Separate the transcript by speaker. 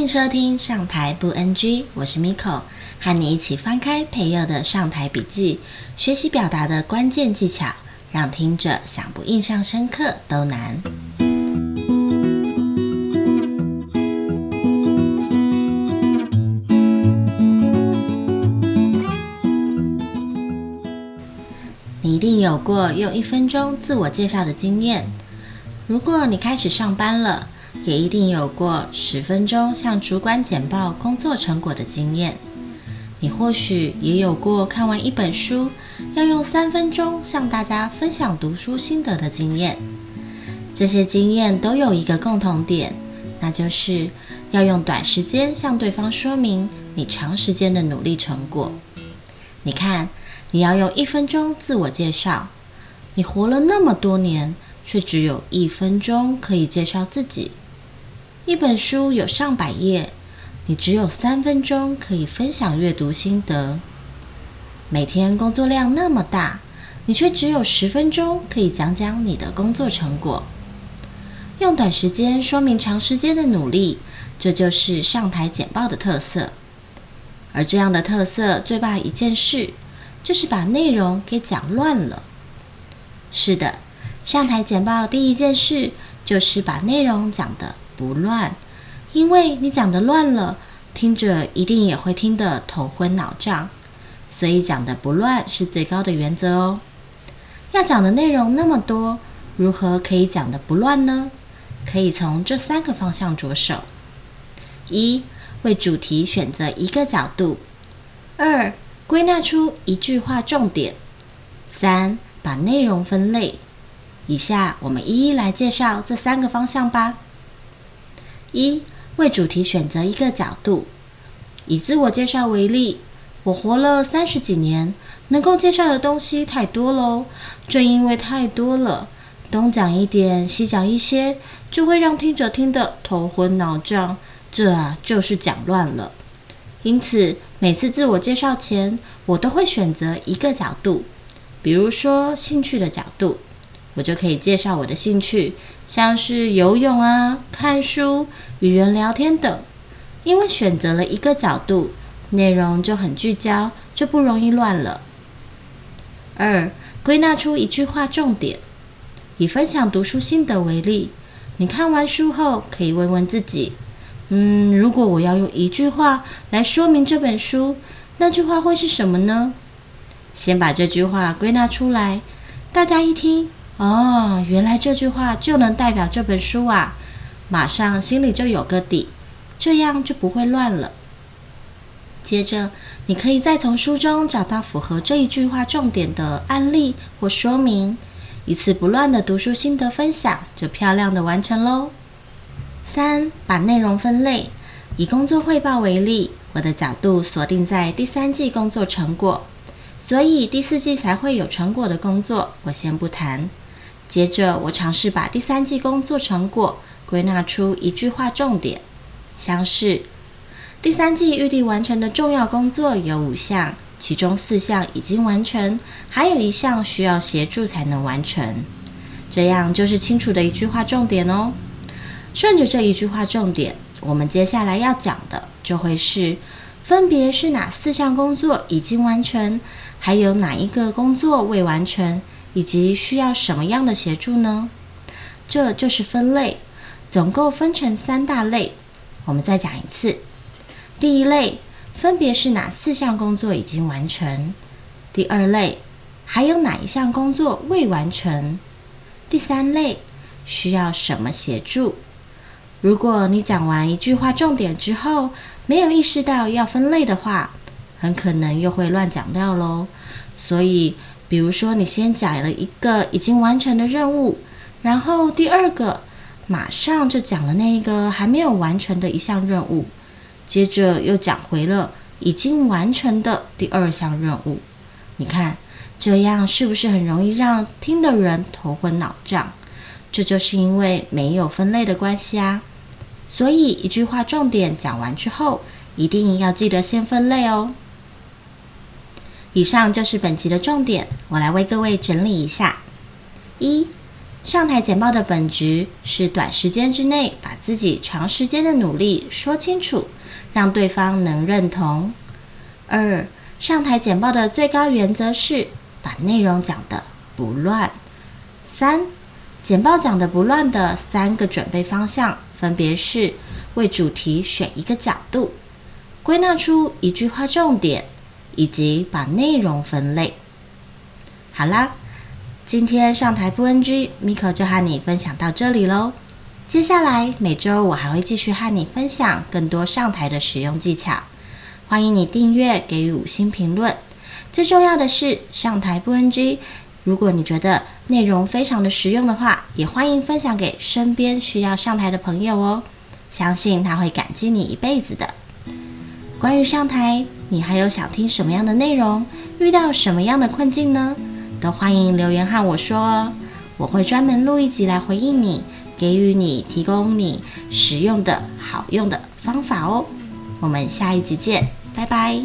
Speaker 1: 歡迎收聽上台不 NG，我是 Mico，和你一起翻開培祐的上台筆記，學習表達的關鍵技巧，讓聽者想不印象深刻都難。你一定有過用一分鐘自我介紹的經驗，如果你開始上班了，也一定有過十分鐘向主管簡報工作成果的經驗，你或許也有過看完一本書要用三分鐘向大家分享讀書心得的經驗。這些經驗都有一個共同點，那就是要用短時間向對方說明你長時間的努力成果。你看，你要用一分鐘自我介紹，你活了那麼多年。卻只有一分鐘可以介紹自己，一本書有上百頁，你只有三分鐘可以分享閱讀心得。每天工作量那麼大，你卻只有十分鐘可以講講你的工作成果。用短時間說明長時間的努力，這就是上台簡報的特色。而這樣的特色最怕一件事，就是把內容給講亂了。是的。上台簡報第一件事就是把內容講得不亂，因為你講得亂了，聽者一定也會聽得頭昏腦脹，所以講得不亂是最高的原則哦。要講的內容那麼多，如何可以講得不亂呢？可以從這三個方向着手：一、為主題選擇一個角度；二、歸納出一句話重點；三、把內容分類。以下我們一一來介紹這三個方向吧。一、為主題選擇一個角度。以自我介紹為例，我活了三十幾年，能夠介紹的東西太多囉。正因為太多了，東講一點，西講一些，就會讓聽者聽得頭昏腦脹。這啊，就是講亂了。因此，每次自我介紹前，我都會選擇一個角度，比如說興趣的角度。我就可以介紹我的興趣，像是游泳啊、看書、與人聊天等。因為選擇了一個角度，內容就很聚焦，就不容易亂了。二、歸納出一句話重點。以分享讀書心得為例，你看完書後，可以問問自己：嗯，如果我要用一句話來說明這本書，那句話會是什麼呢？先把這句話歸納出來，大家一聽。哦，原來這句話就能代表這本書啊！馬上心裡就有個底，這樣就不會亂了。接着，你可以再從書中找到符合這一句話重點的案例或說明，一次不亂的讀書心得分享就漂亮的完成嘍。三，把內容分類。以工作匯報為例，我的角度鎖定在第三季工作成果，所以第四季才會有成果的工作，我先不談。接着，我嘗試把第三季工作成果歸納出一句話重點。像是，第三季預定完成的重要工作有五項，其中四項已經完成，還有一項需要協助才能完成。這樣就是清楚的一句話重點哦。順着這一句話重點，我們接下來要講的就會是，分別是哪四項工作已經完成，還有哪一個工作未完成。以及需要什麼樣的協助呢？這就是分類，總共分成三大類。我們再講一次：第一類分別是哪四項工作已經完成；第二類還有哪一項工作未完成；第三類需要什麼協助？如果你講完一句話重點之後，沒有意識到要分類的話，很可能又會亂講掉嘍。所以，比如說，你先講了一個已經完成的任務，然後第二個馬上就講了那個還沒有完成的一項任務，接着又講回了已經完成的第二項任務。你看，這樣是不是很容易讓聽的人頭昏腦脹？這就是因為沒有分類的關係啊。所以，一句話重點講完之後，一定要記得先分類哦。以上就是本集的重點，我來為各位整理一下：一、上台簡報的本質是短時間之內把自己長時間的努力說清楚，讓對方能認同；二、上台簡報的最高原則是把內容講的不亂；三、簡報講的不亂的三個準備方向分別是：為主題選一個角度，歸納出一句話重點。以及把內容分類。好啦，今天上台不 NG，Mico 就和你分享到這裡嘍。接下來每週我還會繼續和你分享更多上台的使用技巧。歡迎你訂閱，給予五星評論。最重要的是，上台不 NG，如果你覺得內容非常的實用的話，也歡迎分享給身邊需要上台的朋友哦。相信他會感激你一輩子的。關於上台，你還有想聽什麼樣的內容？遇到什麼樣的困境呢？都歡迎留言和我說哦，我會專門錄一集來回應你，給予你提供你實用的好用的方法哦。我們下一集見，拜拜。